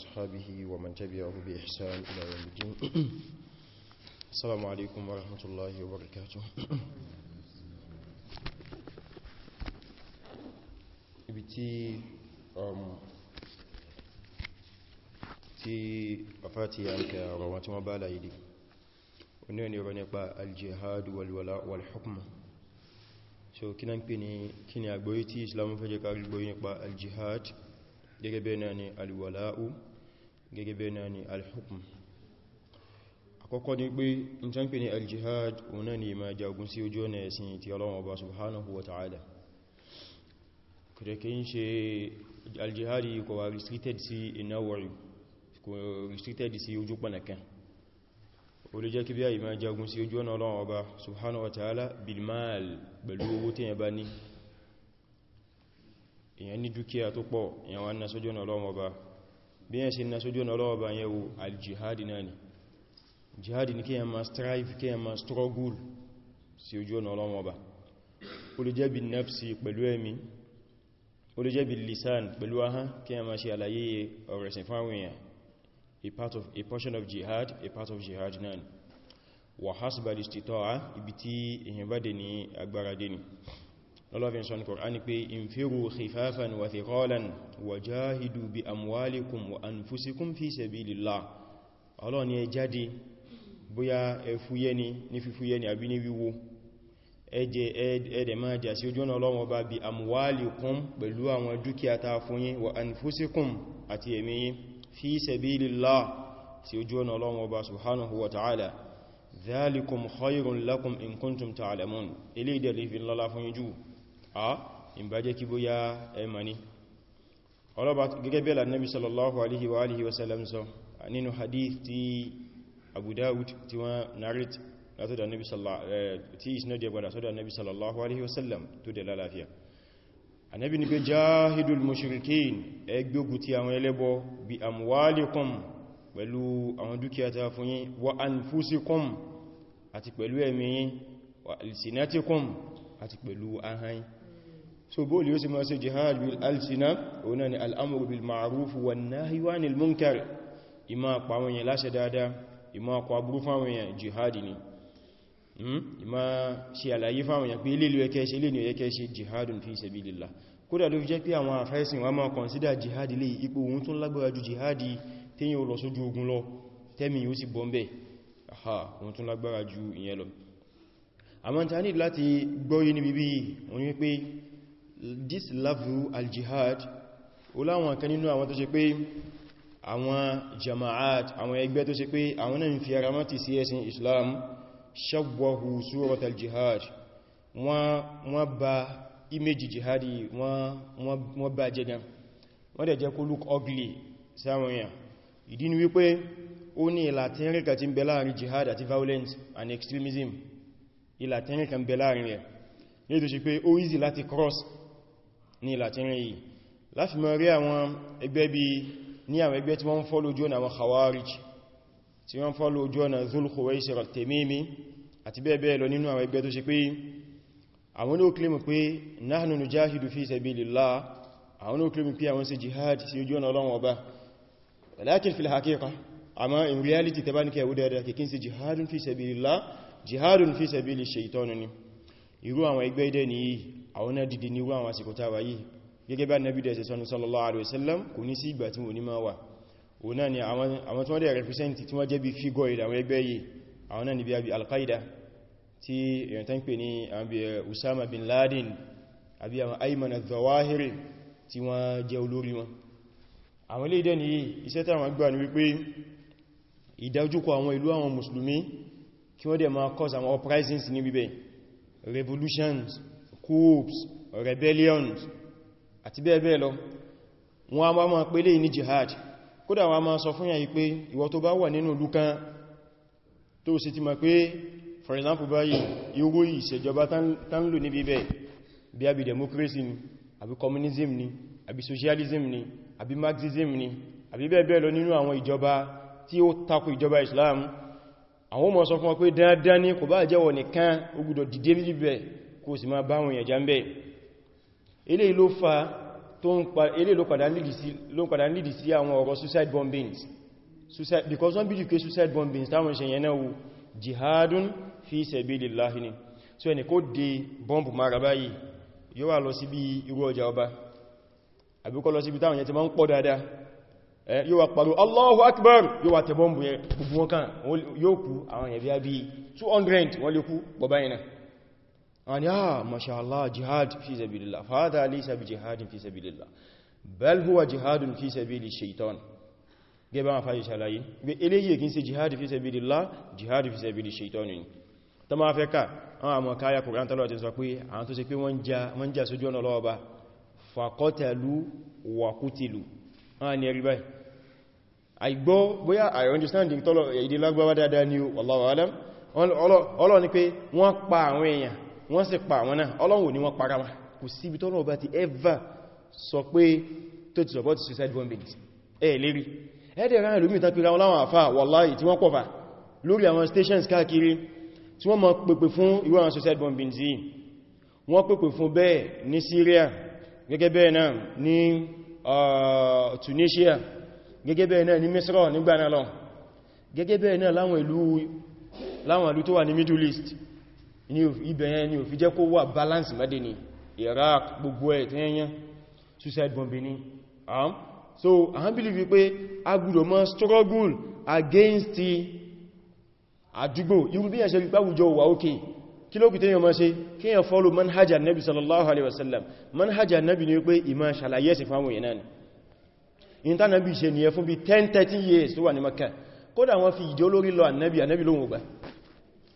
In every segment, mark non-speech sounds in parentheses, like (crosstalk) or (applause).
وأصحابه ومن تبعه بإحسان إلى يوم الدين (clears throat) السلام عليكم ورحمة الله وبركاته بتي um, ti afati yanka rawa tí wọ́n bá láyé dé oní ẹni ọ̀rọ̀ nípa aljihad walwala walhukma so kí na ń pè ní kí ni àgbóyí tí islam fẹ́ jẹ́ kárí gbóyí nípa aljihad gẹ́gẹ́ bẹ́ẹ̀ náà ni alwala'u gẹ́gẹ́ bẹ́ẹ̀ náà ni al-hukm àkọ́kọ́ ni pé in tán pè ní al-jihad ọ̀nà ni ma jagun sí ojú ọ̀nà ẹ̀sìn ti Ọlọ́run Ọba subhanahu wa ta'ala kìrẹ̀kẹ́ ń ṣe al-jihad kò restricted sí ináwọ̀rí kò restricted sí ojú pànàkan ó lè jẹ́ kí bí i jagun sí ojú ọ̀nà Ọlọ́run Ọba subhanahu wa ta'ala bilmal pẹ̀lú owó tí yẹn bá ní èyàn ní dúkìá tó pọ̀ èyàn wá ń na sójú ọ̀nà Ọlọ́run Ọba bí ẹ̀ sí nasójú ọ̀nà ọlọ́ọ̀bá yẹ wo aljihadi náà ni jihadi ni kíyàn ma strive kíyàn ma struggle sí ojú ọ̀nà ọlọ́ọ̀bá ó lè jẹ́ bí nafsi pẹ̀lú ẹ̀mí ó lè jẹ́ bí lisan pẹ̀lú ahán kíyàn ma ṣe àlàyé ọ̀rẹ̀sìn fáwọn èèyàn a part of a portion of jihad a part of jihad náà ni wà hasbal istita'a ibi tí èèyàn bá ni lọ́lọ́fin sọ ní Kùránì pé infiru khifafan wa thiqalan wa jahidu bi amwalikum wa anfusikum fi sabilillah ọlọ́ ni ẹ jáde bóyá ẹ fúyẹ́ ni ní fífúyẹ́ ni àbí ní wíwó ẹjẹ ẹ̀dẹ̀ máa jà sí ojú ọ̀nà Ọlọ́run bá bi amwalikum pẹ̀lú àwọn dúkìá ta fún yín wa anfusikum àti ẹ̀mí fi sabilillah sí ojú ọ̀nà subhanahu wa ta'ala dhalikum khayrun lakum in kuntum ta'lamun ilé ìdẹ̀lẹ́fin lọ́lá fún yín a ìbájẹ́ kí bóyá ẹmà ní ọlọ́bà gẹ́gẹ́ bí alànàbí sallallahu alaihi wa alihi wasallam sọ nínú hadith ti Abu Dawud tí wọ́n narrate látọ́dà nabi sallallahu alaihi wasallam tó dẹ̀ lálàáfíà anabi àti pẹ̀lú ẹ̀mí so bó lè ó sì máa ṣe jihad bil alsina ọ̀nà ni al'amuru bil ma'ruf wa nahyi 'anil munkar ìmá pa àwọn èèyàn láṣẹ dáadáa ìmá kọ aburú fáwọn èèyàn jihad ni hmm? ìmá ṣe àlàyé fáwọn èèyàn pé ilélu ẹkẹ́ ṣe ilélu ẹkẹ́ ṣe jihadun fi sabilillah kódà ló fi jẹ́ pé àwọn àfẹ́sìn wa máa kọ̀nsídà jihad lè ipò òun tún lágbára ju jihad tẹ́yìn ó lọ sójú ogun lọ tẹ́mi yóò sì bọ́m̀bẹ̀ aha òun tún lágbára ju ìyẹn lọ àmọ́ ta ní láti gbọ́yé ní bíbí òun this level al-jihad ó láwọn kan nínú àwọn tó ṣe pé àwọn jama'at àwọn ẹgbẹ́ tó ṣe pé àwọn náà fi ara mọ́ ti sí ẹ̀sìn islam ṣàgbọ́hù surat al-jihad wọ́n ba image jihadi wọ́n ba jẹgan wọ́n dẹ̀ jẹ́ kó look ugly sáwọn èèyàn ìdí ni wípé ó ní ìlà tẹ́rìkà ń bẹ láàrin jihad àti violence and extremism ìlà tẹ́rìkà ń bẹ láàrin rẹ̀ ní pé ó easy láti cross ní ìlàtírí yìí láti mọ̀ rí àwọn ẹgbẹ́ bí ní àwọn ẹgbẹ́ tí wọ́n fọ́lò ojú ọ̀nà àwọn khawarij tí wọ́n fọ́lò ojú ọ̀nà zulkhuwaisir al-tamimi àti bẹ́ẹ̀ bẹ́ẹ̀ lọ nínú àwọn ẹgbẹ́ tó ṣe pé àwọn ní ó kílèmù pé nahnu in reality tẹbá ní kẹwú dáadáa kìkín sí jihadun fi sabilillah jihadun fi sabili shaitan ni irú àwọn ẹgbẹ́ idẹ́ ni yìí àwọn náà dìde ní wọ́n àsìkò tàwà yìí gẹ́gẹ́ bá nàbí dẹ̀ sẹ́sọ́nù sallallahu alaihi wasallam kò ní sí ìgbà tí wọ́n ní máa ni àwọn tí al-qaida tí èyàn tán pè ní àbí bin Laden àbí àwọn Ayman al-Zawahiri tí wọ́n jẹ́ olórí wọn àwọn ilé ìdẹ́ ni iṣẹ́ táwọn gbà ní wípé ìdájúkọ àwọn ìlú àwọn mùsùlùmí kí wọ́n dẹ̀ máa cause àwọn uprisings ní bíbẹ̀ revolutions coups rebellions àti bẹ́ẹ̀ bẹ́ẹ̀ lọ wọn a máa pè lè ní jihad kódà wọn a máa sọ fún yà pé ìwọ tó bá wà nínú ìlú tó sì ti ma pé for example báyìí irú ìṣèjọba tán lò níbi bẹ́ẹ̀ bí àbí democracy ni àbí communism ni àbí socialism ni àbí marxism ni àbí bẹ́ẹ̀ bẹ́ẹ̀ lọ nínú àwọn ìjọba tí ó tako ìjọba islam àwọn ọmọ sọ fún wọn pé dáadáa ní kò bá jẹ́wọ̀ nìkan ó gbọ́dọ̀ dìde níbi kó sì máa báwọn èèyàn jàmbẹ̀ eléyìí ló fa tó ń padà nídìí sí àwọn ọ̀rọ̀ suicide bombings suicide because wọ́n bídìí pé suicide bombings táwọn ṣe yẹn náà wo jihadun fi sabilillah ni so ẹni kó dé bọ́m̀bù mara báyìí yóò wà lọ síbi irú ọjà ọba àbíkọ́ lọ síbi táwọn yẹn ti máa ń pọ̀ dáadáa yóò wà pàdó Allahu Akbar yóò wà tẹ bọ́m̀bù yẹn gbogbo wọn kan yóò kú àwọn yẹn bí i 200 wọ́n lè kú bọ̀báyìí náà wọ́n ni ah mashallah jihad fi sabilillah fada laysa bi jihadin fi sabilillah bal huwa jihadun fi sabili shaitan gẹ́bẹ̀ ma fàyí ṣàlàyé gbé eléyìí kìí ṣe jihad fi sabilillah jihad fi sabili shaitan ni ta ma fẹ́ ká àwọn àmọ́ káyà kùrán tọ́lọ̀ ti sọ pé àwọn tó ṣe pé wọ́n jà sójú ọ̀nà lọ́ọ̀bá faqatalu wa qutilu wọ́n ni ẹ̀rí báyìí àìgbọ́ bóyá i understanding tọ́lọ̀ èdè lágbàwádádá ni wallahu alam ọlọ́ ni wọ́n pa àwọn èèyàn wọ́n sì pa àwọn náà ọlọ́run ni wọ́n para wọn kò síbi tó lọ́wọ́ bá ti ever sọ pé tó ti support suicide bombing ẹ̀ lérí ẹ̀dẹ̀ rán ìlú mìta pé láwọn àfà wàláì tí wọ́n pọ̀fà lórí àwọn stations káàkiri tí wọ́n mọ̀ pèpè fún irú àwọn suicide bombing yìí wọ́n pèpè uh, Tunisia gẹ́gẹ́ bẹ́ẹ̀ náà Misra nígbà náà lọ gẹ́gẹ́ bẹ́ẹ̀ náà láwọn ìlú tó wà ní Middle ibẹ̀yẹn ni ò fi jẹ́ kó wà balance mẹ́dẹ̀ ni Iraq gbogbo ẹ̀ tí ẹ̀yẹn suicide bombing ni um, so I believe wípé a gbọ́dọ̀ mọ́ struggle against àdúgbò irú bí ẹ̀ṣẹ́ wípé àwùjọ wà ókè kí ló kùtẹ́ yọ mọ́ ṣe kí yẹn follow manhaja nabi sallallahu alaihi wasallam manhaja nabi ni wípé ìmọ̀ ṣàlàyé sí fáwọn èèyàn ni ìntà nabi ṣe nìyẹn fún bí 10-13 years tó wà ní Makkah kódà wọ́n fi ìdí olórí lọ annabi annabi lóhun ògbà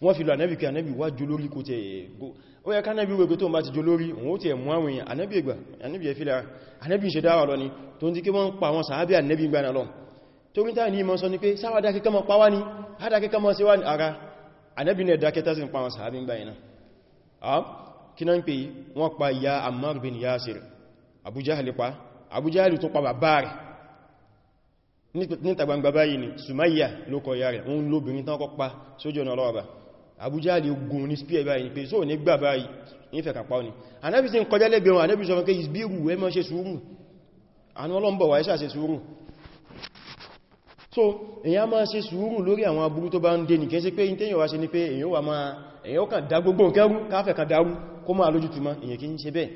wọ́n fi lọ ànẹ́bì kí ànẹ́bì wá jù lórí kò tẹ̀ ẹ̀gbò ó yẹ kánẹ́bì wẹ́gbẹ́ tó ń bá ti jù lórí òun ó tẹ̀ mú àwọn èèyàn ànẹ́bì ẹgbà ànẹ́bì ẹ̀fílà ànẹ́bì ìṣẹ́ dáwà ni tó ń ti kí wọ́n pa àwọn ní ìmọ̀ ara ànẹ́bì náà dákẹ́ tẹ́sì ń pa àwọn sàábì gbà yìí náà kí náà ń pè wọ́n pa ìyá Ammar bin Yasir Abu Jahl báyìí ni Sumayya ló kọ ìyá rẹ̀ wọ́n lóbìnrin tán kọ pa sójú ọ̀nà ọlọ́ọ̀bà abújáàlì ogun ní spear báyìí pé so ní gbà báyìí ní fẹ́ kàpá ní anábi sí ń kọjá lẹ́gbẹ̀rún anábi sọ fún kí ìsbírù ẹ mọ́ ṣe sùúrù anú ọlọ́mbọ̀ wà ẹ́ṣà ṣe sùúrù so èyàn máa ṣe sùúrù lórí àwọn aburú tó bá ń dé nìkẹ́ sí pé in tẹ́yàn wá ṣe ní pé èyàn wà máa èyàn kàn dá gbogbo nkẹrú káfẹ́ kan dárú kó máa lójú túnmá èyàn kí ń ṣe bẹ́ẹ̀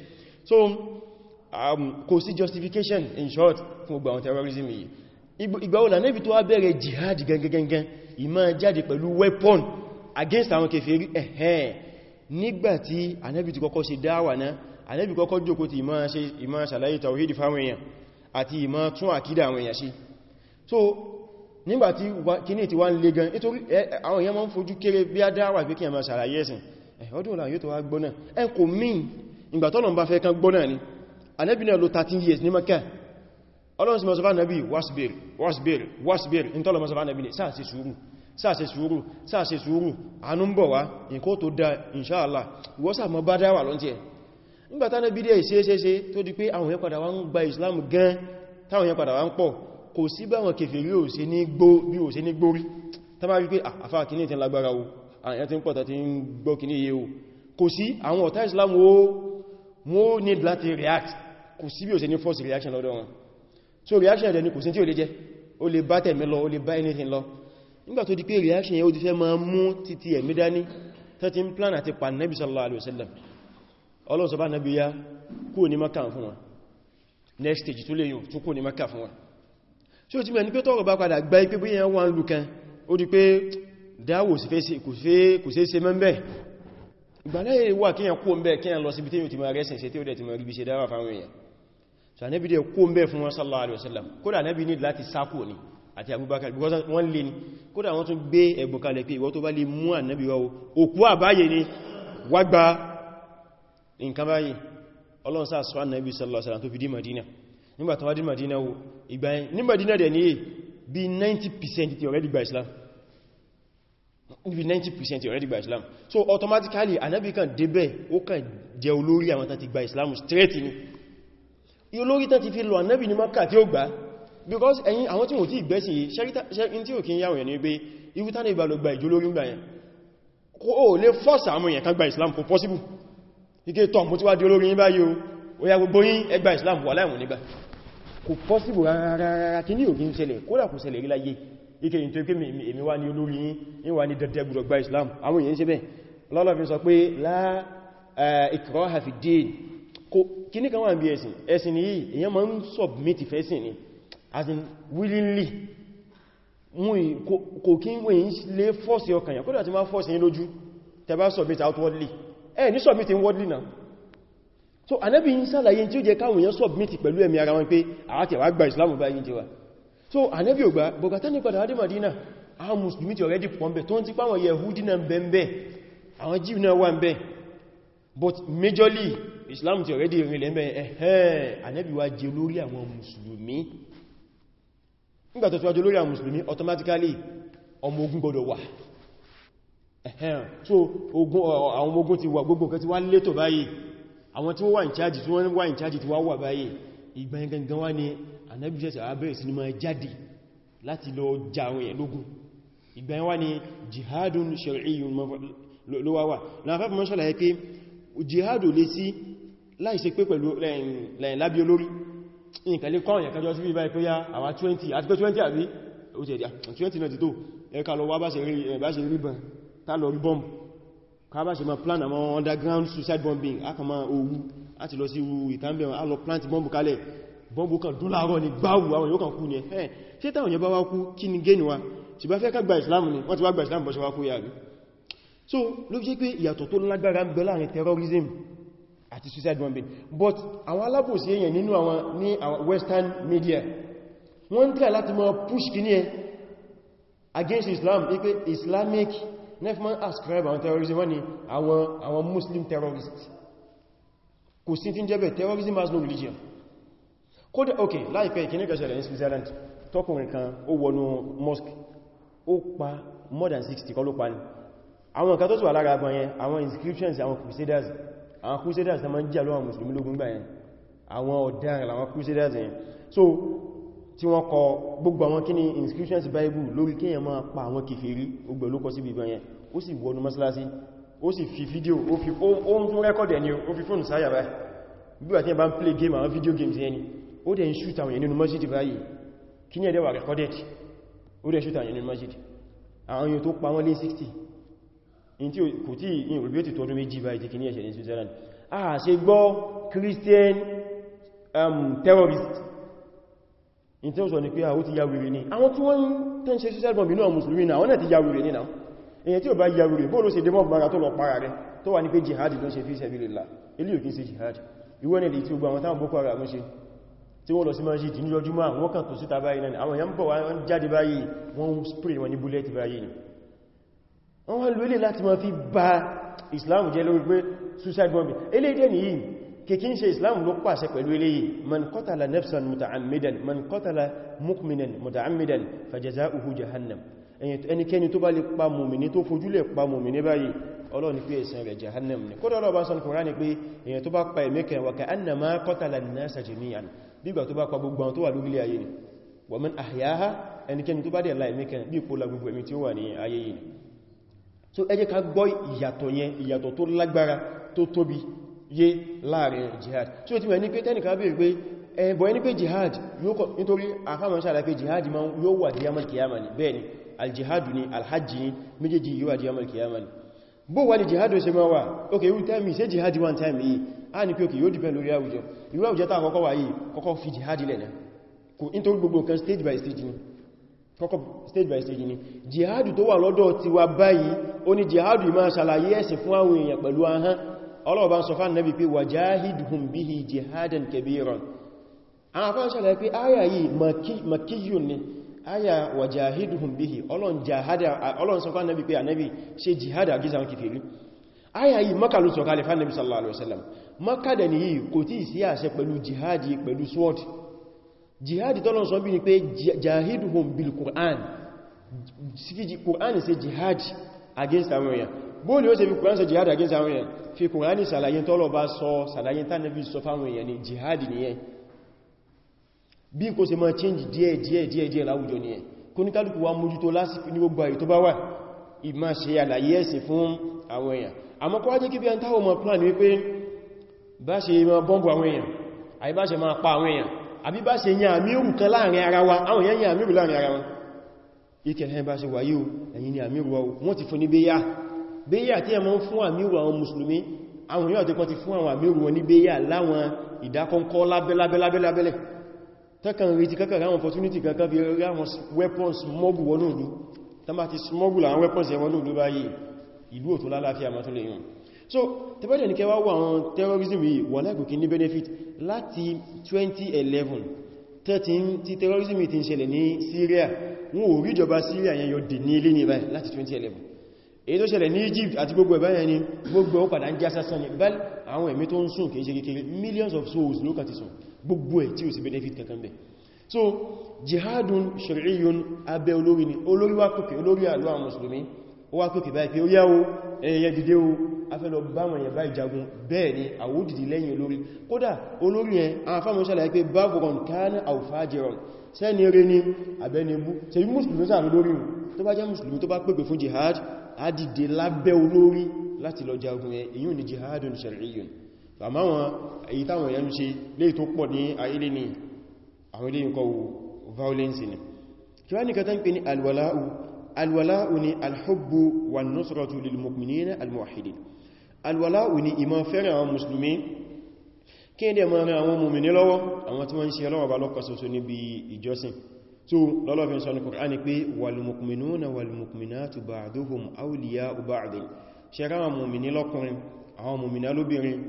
so um, kò sí justification in short fún gbogbo àwọn terrorism yìí ìgbà wo la Ànábì tó wá bẹ̀rẹ̀ jihad gangan gangan ìmá jáde pẹ̀lú weapon against àwọn kèfèrí ẹ̀hẹ́n nígbàtí anẹ́bì ti kọ́kọ́ ṣe dáwà náà anẹ́bì kọ́kọ́ jókó ti ìmá ṣàlàyé tàwídì fáwọn èèyàn àti ìmá tún àkídà àwọn èèyàn sí so nígbàtí kíní ti wá ń le gan nítorí àwọn èèyàn máa ń fojú kéré bí a dáwà pé kí a máa ṣàlàyé ẹ̀sìn ọdún ọ̀la yóò tó wá gbọ́nà ẹ kò mín ìgbà tọ́lọ̀ bá fẹ́ kan gbọ́nà ni anẹ́bì náà lo 13 years ní maka ọlọ́run sí masọfá nabi wasbir wasbir wasbir in tọ́lọ̀ masọfá nabi ní sáàṣe sùúrù sáàṣe sùúrù àánú ń bọ̀ wá nǹkan tó dá inṣáàlá ìwọ́sà mọ́ bá dáwà lọ́n tí ẹ̀ nígbàtá náà bídẹ̀ ìṣeéṣeéṣe tó di pé àwọn yẹn padà wá ń gba Islam gan táwọn yẹn padà wá ń pọ̀ kò sí báwọn kèfèrí ò sí ní gbó bí tá bá rí pé ah, àfáà o àyẹ́ ti ń pọ̀ tàbí ń gbọ́ kìíní iye o kò sí àwọn ọ̀tá Islam ó wọ́n ní láti react kò sí bí ò sí ní first reaction lọ́dọ̀ wọn so reaction o lè bá tẹ̀mí lọ o lè bá anything lọ nígbà tó di pé reaction yẹn di ti fẹ́ máa mú títí ẹ̀mí dání tó plan àti pa nẹ́bí sallallahu alaihi wasallam ọlọ́sọ bá nẹ́bí ya kú ní maka fún wa next stage tó lè yóò tó kú ní maka fún wa tí ó ti mẹ́ ní pé tọ́rọ bá padà gba ipé bí yẹn wà ń lukan ó di pé dáwò kò sí ṣe mẹ́mbẹ̀ ìgbàlẹ́ wà so anẹ́bí dẹ̀ kú sallallahu alaihi wasallam kódà anẹ́bí ní láti sákò àti Abubakar because wọ́n lè ní kódà wọ́n tún gbé ẹ̀bùn kalẹ̀ pé ìwọ tó bá lè mú ànábì wá òkú àbáyé ni wá gba nǹkan báyìí Ọlọ́run sáà sọ ànábì sallallahu alaihi wasallam tó fi dé Madina nígbà tó wá dé Madina already gba Islam bí 90% ti already gba Islam so automatically ànábì kan débẹ̀ ó kàn jẹ́ olórí Islam straight ni olórí tán ti fi lọ ànábì because ẹ̀yin àwọn tí wọ́n ti gbẹ́sìn ṣẹ́rin tí ò kí ń yáwọn ẹni pé irú tánà ìgbà ló gba ìjó lórí ńgbà yẹn kó o lè fọ́sà àwọn èèyàn kan gba Islam kò possible ike tọ́ mú tí wá di olórí yín báyìí o ya gbogbo yín Islam wà láìwọ̀n nígbà kò possible rárá kí ní ògín ṣẹlẹ̀ kódà kò ṣẹlẹ̀ rí láyé ike ní tó pé èmi wá ní olórí yín ní wà ní dẹ̀dẹ̀ gbùdọ̀ gba Islam àwọn èèyàn ṣe bẹ́ẹ̀ lọ́lọ́fin sọ pé lá ikraha fi din kí ní kan wà ń bí ẹ̀sìn ẹ̀sìn yìí èèyàn máa ń submit fẹ́sìn ni as in willingly kò kí ń wèyí lé fọ́sí ọkàn yà kódà tí máa fọ́sí yí lójú tẹbá submit outwardly ẹ ní submit inwardly náà so Ànábì ń sàlàyé tí ó jẹ káwọn èèyàn submit pẹ̀lú ẹ̀mí ara wọn pé àwátí àwá gba Islam bá yí tiwa so Ànábì ò gbà bọ̀gátá ní padà adémadínà àwọn Mùsùlùmí ti already pọ̀ mbẹ̀ tó ń ti páwọn Yehudi náà bẹ̀m̀bẹ̀ àwọn Jíù náà wà but majorly Islam ti already rìnlẹ̀ mbẹ̀ ẹ̀hẹ́ Ànábì wá jẹ lórí àwọn Mùsùlùmí nígbà tó tíwájú lórí àwọn musulmi automatically ọmọ ogun gbọdọ̀ wà ẹ̀hẹ́n so àwọn ogun ti wà gbogbo nǹkan ti wá létò báyìí àwọn tí wọ́n wà in charge tí wọ́n wà in charge ti wá wà báyìí ìgbẹ̀yìn gangan wá ní anábìsẹ̀sẹ̀ abẹ́rẹ̀ sí ni máa jáde láti lọ ja àwọn èèyàn lógun ìgbẹ̀yìn wá ní jihadun shar'iyyun ló wá wà láàfẹ́ mọ́ ṣàlàyé pé jihadu lè sí láìṣe pé pẹ̀lú lábí olórí ìkẹ̀lẹ̀ kọ́ ìyẹ̀kẹ́ jọ sí bí báyìí pé yá àwà 20 àti pé 20 àbí ó ti ẹ̀dà 20 ah, náà ti tó ẹka lọ wá bá ṣe rí bọ̀n tá rí bọ́m ká bá ṣe ma plan àwọn underground suicide bombing a kà máa owú àti lọ sí ìtàmbẹ̀wọ̀n a lọ plant bọ́mbù kalẹ̀ bọ́mbù kan dún láàárọ̀ ní gbáwù àwọn yóò kàn kú ní ẹ̀ ṣe táwọn yẹn bá wá kú Islam ni wọ́n ti wá Islam bọ́ ṣe so ló fi jẹ́ pé ìyàtọ̀ tó lágbára ń àti suicide bombing but àwọn alábòsí èèyàn nínú àwọn ní western media wọ́n ń tẹ́ láti mọ́ push kí ní ẹ against islam pípé islamic nefman ascribe àwọn terrorism wọ́n ni àwọn muslim terrorist kò sí tí ń jẹ́bẹ̀ terrorism has no religion kódẹ̀ ok láìpẹ́ ìkíní kẹsẹ̀lẹ̀ ní switzerland tọkùnrin kan ó wọnú mosque ó pa more than 60 kọ́ ló pa ní àwọn nǹkan tó tù wà lára agbọn yẹn àwọn inscriptions àwọn crusaders àwọn crusaders ma ń jà lọ́wọ́ musulmi lógun gbà yẹn àwọn ọ̀daràn àwọn crusaders yẹn so tí wọ́n kọ gbogbo àwọn kíni inscriptions bible lórí kíyàn máa pa àwọn kèfèrí ogbè ló kọ sí bíbọn yẹn ó sì wọnú mọ́sálásí ó sì fi fídíò ó fi ohun tó rẹ́kọ̀dì ẹni ó fi fóònù sáyà báyìí bí wà tí bá ń play game àwọn video games yẹni ó dẹ̀ ń ṣúta àwọn nínú masjid báyìí kí ní ẹ̀dẹ̀ wà recorded ó dẹ̀ ṣúta àwọn nínú masjid àwọn yóò tó pa wọ́n lé 60 tí kò tí ìrìnbíòtì tó ọdún méjì bá ìtìkì ní ẹ̀ṣẹ̀ ní Switzerland a ṣe gbọ́ Christian um, terrorist in tí ó sọ ní pé àwọn ti ya wèrè ní àwọn tí wọ́n tẹ́ ń ṣe suicide bomb inú àwọn musulmi náà wọ́n náà ti ya wèrè ní náà èyàn tí ó bá ya wèrè bó ló ṣe débọ̀ mara tó lọ para rẹ tó wà ní pé jihad ló jihad ìwọ́n ni tí ó gba àwọn táwọn boko haram ṣe tí wọ́n lọ sí masjid ní lọ́júmọ́ àwọn kan tó síta báyìí náà àwọn èèyàn bọ̀ wọ́n jáde báyìí wọ́n spray wọn ní bullet báyìí wọ́n wá lólè láti ma fi ba islam jẹ́ lórí pé suicide bombing ilé ìdẹ́ ni yìí kìkí ń ṣe islam ló pàṣẹ pẹ̀lú ilé yìí man qatala nafsan muta'ammidan man qatala mu'minan muta'ammidan fajaza'uhu jahannam ẹnikẹ́ni tó bá lè pa mùmìní tó fojúlẹ̀ pa mùmìní báyìí Ọlọ́run ní pé ẹ̀san rẹ̀ jahannam ni kódà Ọlọ́run bá sọ nìkan ránì pé èyàn tó bá pa ẹ̀mẹ́kẹ̀ wa ka'annama qatala an-nasa jami'an bígbà tó bá pa gbogbo àwọn tó wà lórílẹ̀ ayé ni wa man ahyaha ẹnikẹ́ni tó bá dẹ̀ láìmẹ́kẹ̀ bí kó la gbogbo ẹ̀mí tí ó wà ní ayé yìí so ẹ jẹ́ ká gbọ́ ìyàtọ̀ yẹn ìyàtọ̀ tó lágbára tó tóbi yé láàrin jihad tí ó ti mẹ́ ní pé tẹ́nìkan bí pé ẹbọ̀ ẹni pé jihad yóò kọ̀ nítorí àkámọ̀ṣàlá pé jihad ma yóò wà díyàmọ̀ kìyàmà ní bẹ́ẹ̀ ni aljihadu ni alhajji ni méjèèjì yóò wà díyàmọ̀ kìyàmà ni bó wà ní jihad ó ṣe máa wà ok irú tẹ́mì ṣe jihad one time yìí a ní pé ok yóò dìbẹ̀ lórí àwùjọ irú àwùjọ tá àkọ́kọ́ wà yìí kọ́kọ́ fi jihad lẹ̀ náà nítorí gbogbo kan stage by stage ni kọ́kọ́ stage by stage ni jihadu tó wà lọ́dọ̀ ti wà báyìí ó ní jihadu ìmá ṣàlàyé ẹ̀sìn fún àwọn èèyàn pẹ̀lú ahán ọlọ́ọ̀bá ń sọ fán nẹ́bí pé wajahidhum bihi jihadan kabiran àwọn afán ṣàlàyé pé áyà yìí makiyun ni áyà wajahidhum bihi ọlọ́n sọ fán nẹ́bí pé ànẹ́bí ṣe jihada gíza kìfèrí áyà yìí maka ló sọ kalẹ̀ fán nẹ́bí sallallahu alaihi wasallam maka da ni yìí kò tí ì sí àṣẹ jihadi pẹ̀lú sword jihadi tọ́lọ̀ sọ bí ni pé jahiduhum bil Qur'an síkíjì Qur'an ṣe jihad against àwọn èèyàn bóò ni ó ṣe bí Qur'an ṣe jihad against àwọn èèyàn fi Qur'an ṣàlàyé tọ́lọ̀ bá sọ ṣàlàyé tánàbí sọ fáwọn èèyàn ni jihad nìyẹn bí kò ṣe máa change díẹ̀ díẹ̀ díẹ̀ díẹ̀ láwùjọ nìyẹn kó ní kálùkù wa mójútó lásìkò ní gbogbo àyè tó bá wà ìmá ṣe àlàyé ẹ̀sìn fún àwọn èèyàn àmọ́ kọ́ wájé kí bí an táwọn ọmọ plan wípé bá ṣe máa bọ́m̀bù àwọn èèyàn àyíbá ṣe máa pa àwọn èèyàn àbí bá ṣe yàn àmírù kan láàrin ara wa àwọn èèyàn yàn àmírù láàrin ara wọn ìkẹ̀lẹ̀ bá ṣe wáyé o ẹ̀yìn ni àmírù wa wọ́n ti fún ní béyà béyà tí ẹ ma ń fún àmírù àwọn mùsùlùmí àwọn èèyàn àti kan ti fún àwọn àmírù wọn ní béyà láwọn ìdákọ́nkọ́ lábẹ́lábẹ́lábẹ́lẹ̀ tẹ́kàn retí kankan ráwọn opportunity kankan fi ráwọn weapons smogul wọnú ìlú tán bá ti smogul so tẹ́bẹ̀rẹ̀ ní kẹwàá wà àwọn terrorism yìí wà láìkò kí ní benefit láti 2011 13 tí terrorism yìí ti ń ṣẹlẹ̀ ní Syria wọ́n ò rí ìjọba Syria yẹn yọ dì ní ilé ní báyìí láti 2011 èyí tó ṣẹlẹ̀ ní Egypt àti gbogbo ẹ̀bá yẹn ni gbogbo ọ̀padà ń já sásán ní bẹ́ẹ̀ àwọn ẹ̀mí millions of souls ló kàtí sùn gbogbo ẹ̀ tí ò sí benefit so jihadun shari'iyun abẹ́ olórí ni olórí wá pòkè olórí àlúwà mùsùlùmí ó wá pòkè báyìí pé ó yáwó ẹ̀yẹ dìde o afẹ́lọ báwọn yẹn báyìí jagun bẹ́ẹ̀ ni àwódìdí lẹ́yìn olórí kódà olórí yẹn àwọn afẹ́mọ́ ṣàlàyé pé báwọn kánà àwòfájẹrọ sẹ́ni eré ní abẹ́nibú ṣe bí mùsùlùmí sáà lórí tó bá jẹ́ mùsùlùmí tó bá pèpè fún jihad á dìde lábẹ́ olórí láti lọ jagun yẹn èyí ni jihadun shar'iyyun àmá wọn èyí táwọn yẹn ń ṣe léè Alwala ni ìmọ̀ fẹ́rẹ̀ àwọn musulmi kí ní ẹmọ rẹ̀ àwọn mùmìnì lọ́wọ́ àwọn tí wọ́n ń ṣe ọlọ́wọ́ bá lọ́kọ̀ soso níbi ìjọsìn tó lọ́lọ́fin sọ ní Kùránì pé walmukminuna walmukminatu ba'duhum awliya'u ba'din ṣe ráwọn mùmìnì lọ́kùnrin àwọn mùmìnì lóbìnrin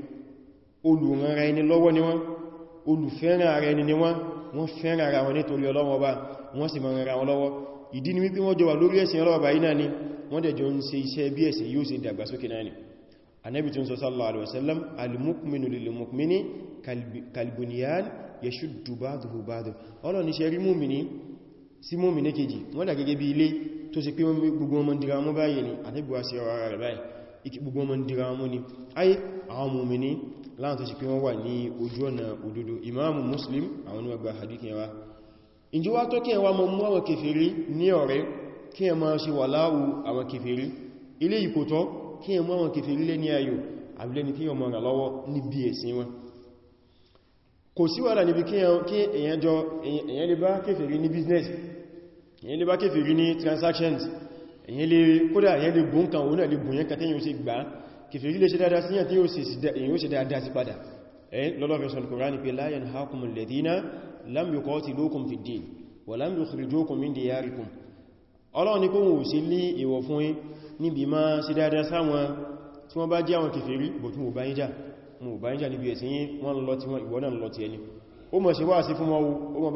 olùrànra ni wọ́n olùfẹ́ràn ara ẹni ni wọ́n wọ́n fẹ́ràn ara wọn nítorí Ọlọ́hun Ọba wọ́n dẹ̀ jọ ń ṣe iṣẹ́ bí ẹ̀sìn yóò ṣe dàgbàsókè náà ni annabi tun sallallahu alaihi wasallam al-mu'minu lil-mu'mini kalbuniyan yashuddu ba'dahu ba'dahu Ọlọ́run ni ṣe rí mu'mini sí mu'mini kejì wọ́n dà gẹ́gẹ́ bí ilé tó ṣe pé gbogbo ọmọ dira mọ́ báyìí ni annabi wá sí ara rẹ̀ báyìí iki gbogbo ọmọ dira mọ́ ni ayé àwọn mu'mini láwọn tó ṣe pé wọ́n wà ní ojú ọ̀nà òdodo imamu muslim àwọn wọ́n gba hadith yẹn wá ǹjẹ́ wá tó kí ẹwà mọ́ mú àwọn kèfèrí ní ọ̀rẹ́ kí ẹ máa ṣe wà láwù àwọn kèfèrí ilé ìkòtọ́ kí ẹmọ́ wọn kìfì rílé ní ayò àbílẹ́ni kí ọmọ rà lọ́wọ́ níbi ẹ̀sìn wọn kò sí wàhálà níbi kí èyàn lè bá kèfè rí ní business èyàn lè bá kèfè rí ní transactions èyàn lè kódà èyàn lè bùn kan òun àlè bùn yẹn kàtẹ́ yóò sì gbá kèfè rí lè ṣe dáadáa síyàn tí yóò ṣe dáadáa sí padà lọ́lọ́fẹ́sọ̀n kòránì pé la yanhakumul ladhina lam yuqatilukum fid din wa lam yukhrijukum min diyarikum ọlọ́run ní kó wọ́n sí lé ìwọ̀ fún yín níbi máa sí dáadáa sáwọn tí wọ́n bá jẹ́ àwọn kèfèrí bòtú mò bá ń jà mò bá ń jà níbi ẹ̀sìn yín wọ́n lọ tí wọ́n ìwọ náà lọ ti ẹni ó mọ̀ sí wáàsí fún wọn ó mọ̀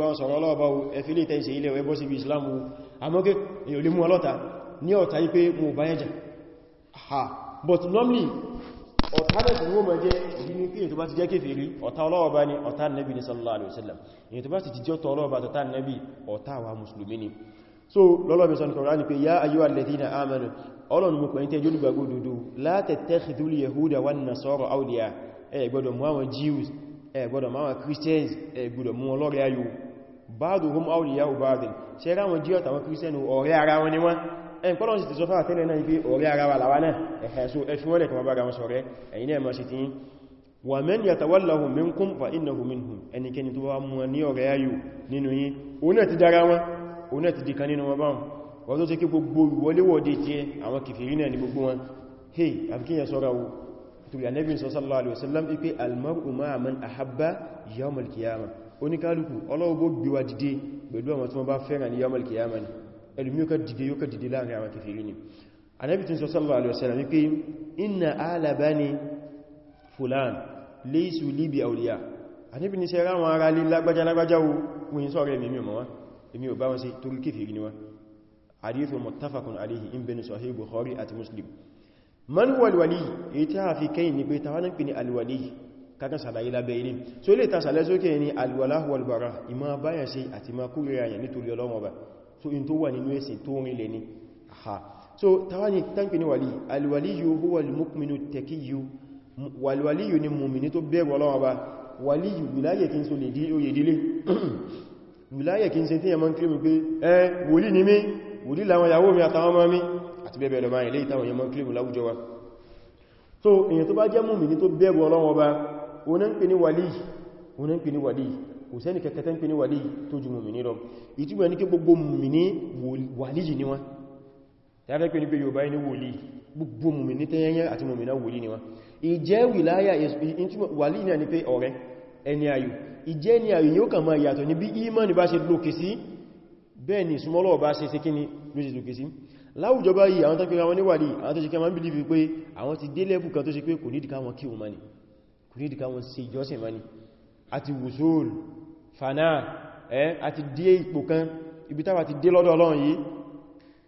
bá ha but normally ọ̀tá bẹ̀ sí wọ́n mọ̀ jẹ́ ìbí ní pé ètò bá ti jẹ́ sallallahu alaihi wasallam ètò bá ti jẹ́ ọ̀tá ọlọ́ọ̀bá so lọ́lọ́ bí sọ́nà kọ̀rọ̀ ní pé yá ayyúwà lẹ́dínà amanu ọlọ́run mú pẹ̀yìn tẹ́ jólúgbàgbó dúdú látẹ̀tẹ̀kìdú yahuda wan nasara awliya ẹ gbọ́dọ̀ mú àwọn jews ẹ gbọ́dọ̀ mú àwọn christians ẹ gbọ́dọ̀ mú ọlọ́rẹ̀ ayò ba'duhum awliya ba'din ṣe rá wọn jíọ́ta wọn christian ọ̀rẹ́ ara wọn ni wọ́n ẹn kọ́lọ̀ sí ti sọ fáà tẹ́lẹ̀ náà ibi ọ̀rẹ́ ara wa làwà náà ẹ̀hẹ́ so ẹfí wọ́lẹ̀ kan bára wọn sọ̀rẹ́ ẹ̀yìn náà ma ṣe ti yí oní ẹ̀tì dìkan nínú wọn báhùn wọ́n tó ṣe kí gbogbo ìwọléwọ̀dé tí ẹ àwọn kìfèrí náà ní gbogbo wọn hey àfikíyàn sọ́ra wo torí anẹ́bìn sallallahu alaihi wasallam ipé almaru ma'a man ahabba yawmal kiyama oníkálùkù ọlọ́wọ́ gbíwa dìde pẹ̀lú àwọn tí wọ́n bá fẹ́ràn ní yawmal kiyama ni ẹlùmí yóò ká dìde yóò ká dìde láàrin àwọn kìfèrí ni anẹ́bìn sallallahu alaihi wasallam ipé inna ala bani fulan laysu libi èmi ò bá wọn ṣe torí kéfèrí ni wọn hadithu muttafaqun alayhi in bin sahih bukhari àti muslim man huwa alwali èyí tí a fi kẹ́yìn ni pé ta wọ́n pè ní alwali kakan sàlàyé lábẹ́ ilé so ilé ta sàlẹ́ sókè ní alwala wal bara ìmá báyàn ṣe àti ma kúrò ayàn nítorí ọlọ́wọ́ ba so in tó wà nínú ẹ̀sìn tó rin lè ní ha so ta wọ́n ni tánpì ní wìláyẹ̀ kí n ṣe tí ẹmọ́ ń kí mi pé ẹ wòlí ni mí wòlí láwọn ìyàwó mi àtàwọn ọmọ mi àti bẹ́ẹ̀ bẹ́ẹ̀ máa ilé ìtàwọn ẹmọ́ ń kí mi láwùjọ wa so èyàn tó bá jẹ́ mùmínì tó bẹ̀rù Ọlọ́run Ọba oní ń pè ní wàlí oní ń pè ní wàlí kò sẹ́ni kẹkẹtẹ́ ń pè ní wàlí tó ju mùmínì lọ ìtúbẹ̀ ni wọ́n tàbí pé ní pé Yorùbá ní wòlí gbogbo mùmínì tẹ́yẹnyẹ àti ni wọ́n ìjẹ́ wìláyà ẹni ayò ìjẹ́ ni àyè yóò kàn máa yàtọ̀ ní bí ìmánì bá ṣe lókè sí bẹ́ẹ̀ ni súnmọ́lọ́ bá ṣe sí kíní ló ṣe lókè sí láwùjọ bá yìí àwọn tó pé àwọn níwàlì àwọn tó ṣe kẹma ń bìlìfì pé àwọn ti dé lẹ́bù kan tó ṣe pé kò ní dìká wọn kí wọn mani kò ní dìká wọn sí ìjọsìn mani àti wùsùl fànà ẹ́ àti dé ipò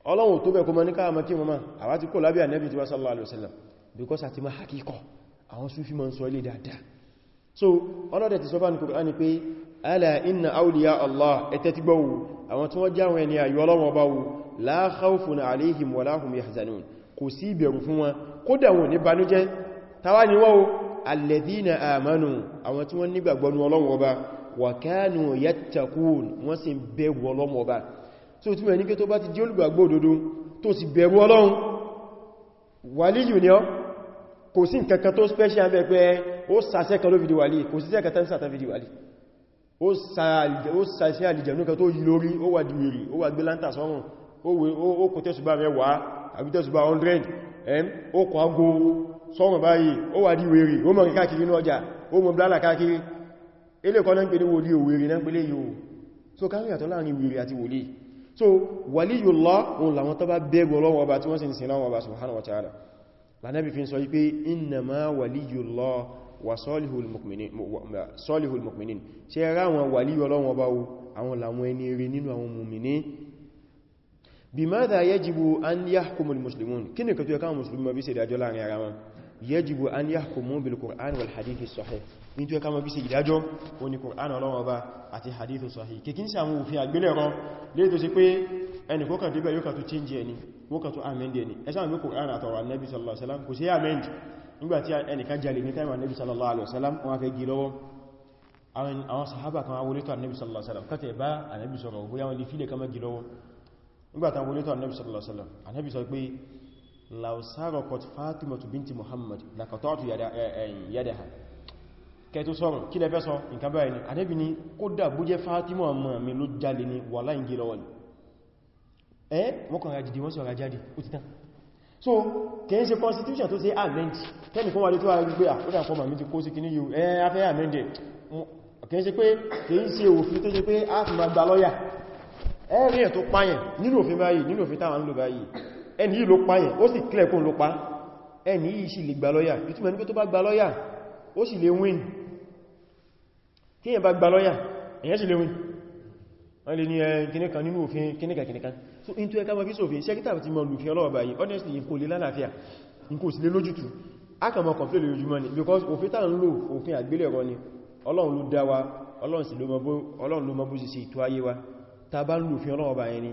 sallallahu alaihi because àti ma hakikọ àwọn súfí ma so ọlọ́dẹ̀ ti sọ́bá ní kùránì pé ala inna awliya allah ẹ̀tẹ́ ti gbọ́wò àwọn tí wọ́n já wọn ni àyọ́ ọlọ́wọ́ bá wù la khawfun alayhim wa lahum yahzanun kò sí ìbẹ̀rù fún wọn kódà wọn ní banújẹ́ tàwà wọ́wọ́ so tí wọ́n ní pé tó bá ti jẹ́ olùgbàgbọ́ kò sí nǹkankan tó special bẹ́ pé ó sàṣẹ́ kan ló fìdí wàlí kò sí sẹ́kẹta ń sàtà fìdí wàlí ó sàṣẹ́ àlìjẹ̀nú kan tó yí lórí ó wà dìwìrì ó wà gbé láńtà sọ́run ó kò tẹ́sùbá mẹ́wàá àbí tẹ́sùbá 100 m ó kọ agó sọ́run báyìí ó wà dìwìrì ó mọ̀ káàkiri so káàkiri àtọ́ láàrin wèrè àti so wàlí yóò lọ́ òun làwọn tó bá bẹ́gbọ́ lọ́wọ́ lànàbí fi ń sọ wípé innama waliyullah wa salihul mu'minin ṣe rá àwọn wàlíyù Ọlọ́run Ọba wo àwọn làwọn ẹni rí nínú àwọn mùmìní bimadha yajibu an yahkumul muslimun kí ni kàtù ẹ̀ká àwọn mùsùlùmí bí ṣe láàrin ara wọn yajibu an yahkumu bil qur'an wal hadith sahih ní tó ká mọ́ bí ṣe ìdájọ́ wọn ni qur'an Ọlọ́run Ọba àti hadith sahih kìkín sí àwọn òfin àgbélẹ̀rọ lè tó sí pé ẹni kó kàn débẹ̀ yóò kà tó change ẹni wọ́n kà tó amend ẹni ẹsàn mú qur'an àtọwà nabi sallallahu alaihi wasallam kò sí amend nígbàtí ẹni ká jalè ní táìwà nabi sallallahu alaihi wasallam wọn fẹ́ gí lọ́wọ́ àwọn sahaba kan wọlé tó annabi sallallahu alaihi wasallam kàtẹ̀ bá annabi sọ̀rọ̀ bóyá wọn lè fílẹ̀ kama gí lausarokot fatimatu binti muhammad lakatọ́tù yadaha kẹtù sọ́rọ̀ kí lẹ́fẹ́ sọ nǹkan báyìí ni anẹ́bì ni kó dàbú jẹ́ fatima ọmọ mi ló jalè ni wà láì gí lọ́wọ́ ni ẹ́ wọ́n kọ̀nà jìdí wọ́n sì ọ̀rà jáde ó ti tán so kẹ́ ṣe constitution tó ṣe amend tẹ́nì kan wà lé tó wà gbé àkódà fọ́mà mi ti kó sí kíní yóò ẹ́ afẹ́ amend kẹ́ ṣe pé kẹ́ ṣe òfin tó ṣe pé a fi ma gba lọ́yà ẹ́ eh, rí ẹ̀ tó páyẹ̀ nínú òfin báyìí nínú òfin táwọn ń lò báyìí ẹni yìí ló pààyàn ó sì clear kún ló pa ẹni yìí sì lè gba lọ́yà ìtumọ̀ ní pé tó bá gba lọ́yà ó sì lè win tí èyàn bá gba lọ́yà èyàn sì lè win wọ́n lè ní eh, kíní kan nínú òfin kíní kan kíní kan so in tó ẹka mọ́ fi sófin sẹ́kítà ti mọ́ lùfin ọlọ́wọ́ báyìí honestly in kò lè lálàáfíà in kò sì lè lójútù akàmọ́ kọ̀fẹ́ lè lójúmọ́ ni because òfin tàà ń lò òfin àgbélẹ̀rọ ni ọlọ́run ló dá wa ọlọ́run ló mọ bó sì ṣe wa ta bá ń lòfin ọlọ́wọ́ báyìí ni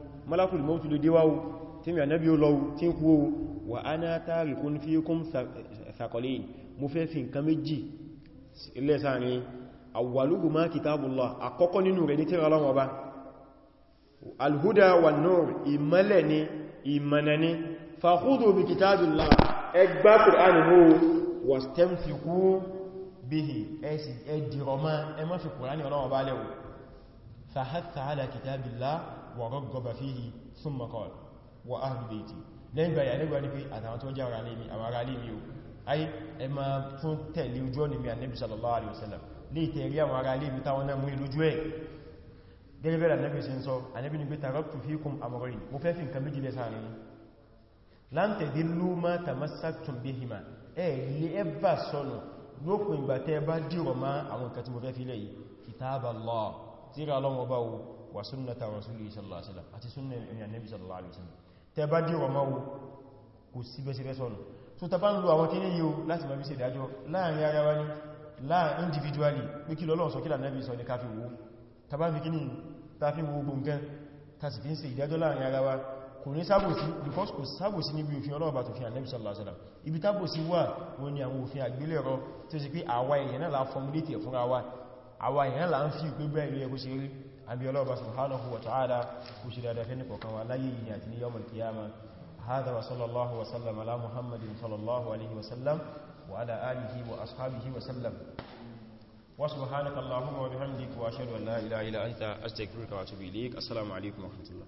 malakul mautu lè déwáwó tí mi ànábí ó lọ́wọ́ tí ń kúwó wà á náà tààrí kún fi kún sàkọlẹ̀ mú fẹ́ fi nǹkan méjì ilẹ̀ sáàrin awwaluhu ma kitabullah àkọ́kọ́ nínú rẹ̀ ní tírà Ọlọ́run Ọba alhuda wa nur ìmọ́lẹ̀ ni ìmọ̀nà ni fakhudhu bi kitabillah ẹgbá Qur'an mú ورغب فيه ثم قال وأهل بيتي لين بقى يعني قال لي أنا أتوجع عليمي أو عليمي أي إما تون تلي وجوني من النبي صلى الله عليه وسلم لي تيري أو عليمي تاونا مو wa sunnata rasulihi sallallahu alaihi wasallam àti sunna annabi sallallahu alaihi wasallam tẹ́ bá di roma wo kò sí be sire sọnù so tá bá ń lo àwọn kini yo láti ma bi ṣe dájọ́ láàrin ara wa ni la individually pé kí lọ́lọ́run sọ kí lànàbí sọ ní ká fi wo tá bá fi kini tá fi wo gbogbo nǹkan tá sì fi ń ṣe ìdájọ́ láàrin ara wa kò ní sábòsí because kò sábòsí níbi òfin Ọlọ́run bá tòfin ànẹ́bì sallallahu alaihi wasallam ibi tábòsí wà wọ́n ni àwọn òfin àgbélẹ̀rọ tí ó sì pé àwa èèyàn la formulate fúnra wa àwa èèyàn náà la ń fi ìpé bẹ́ẹ̀ ilé ẹkùsí rí àbí ọlọ́ọ̀bá subhanahu wa ta'ala kú ṣe dáadáa fẹ́ nìkọ̀ọ̀kan wa láyé yìí àti ní yawmal qiyamah hadha wa sallallahu wa sallam ala muhammadin sallallahu alaihi wa sallam wa ala alihi wa ashabihi wa sallam wa subhanaka allahumma wa bihamdika wa ashhadu an la ilaha illa anta astaghfiruka wa atubu ilaik assalamu alaikum wa rahmatullah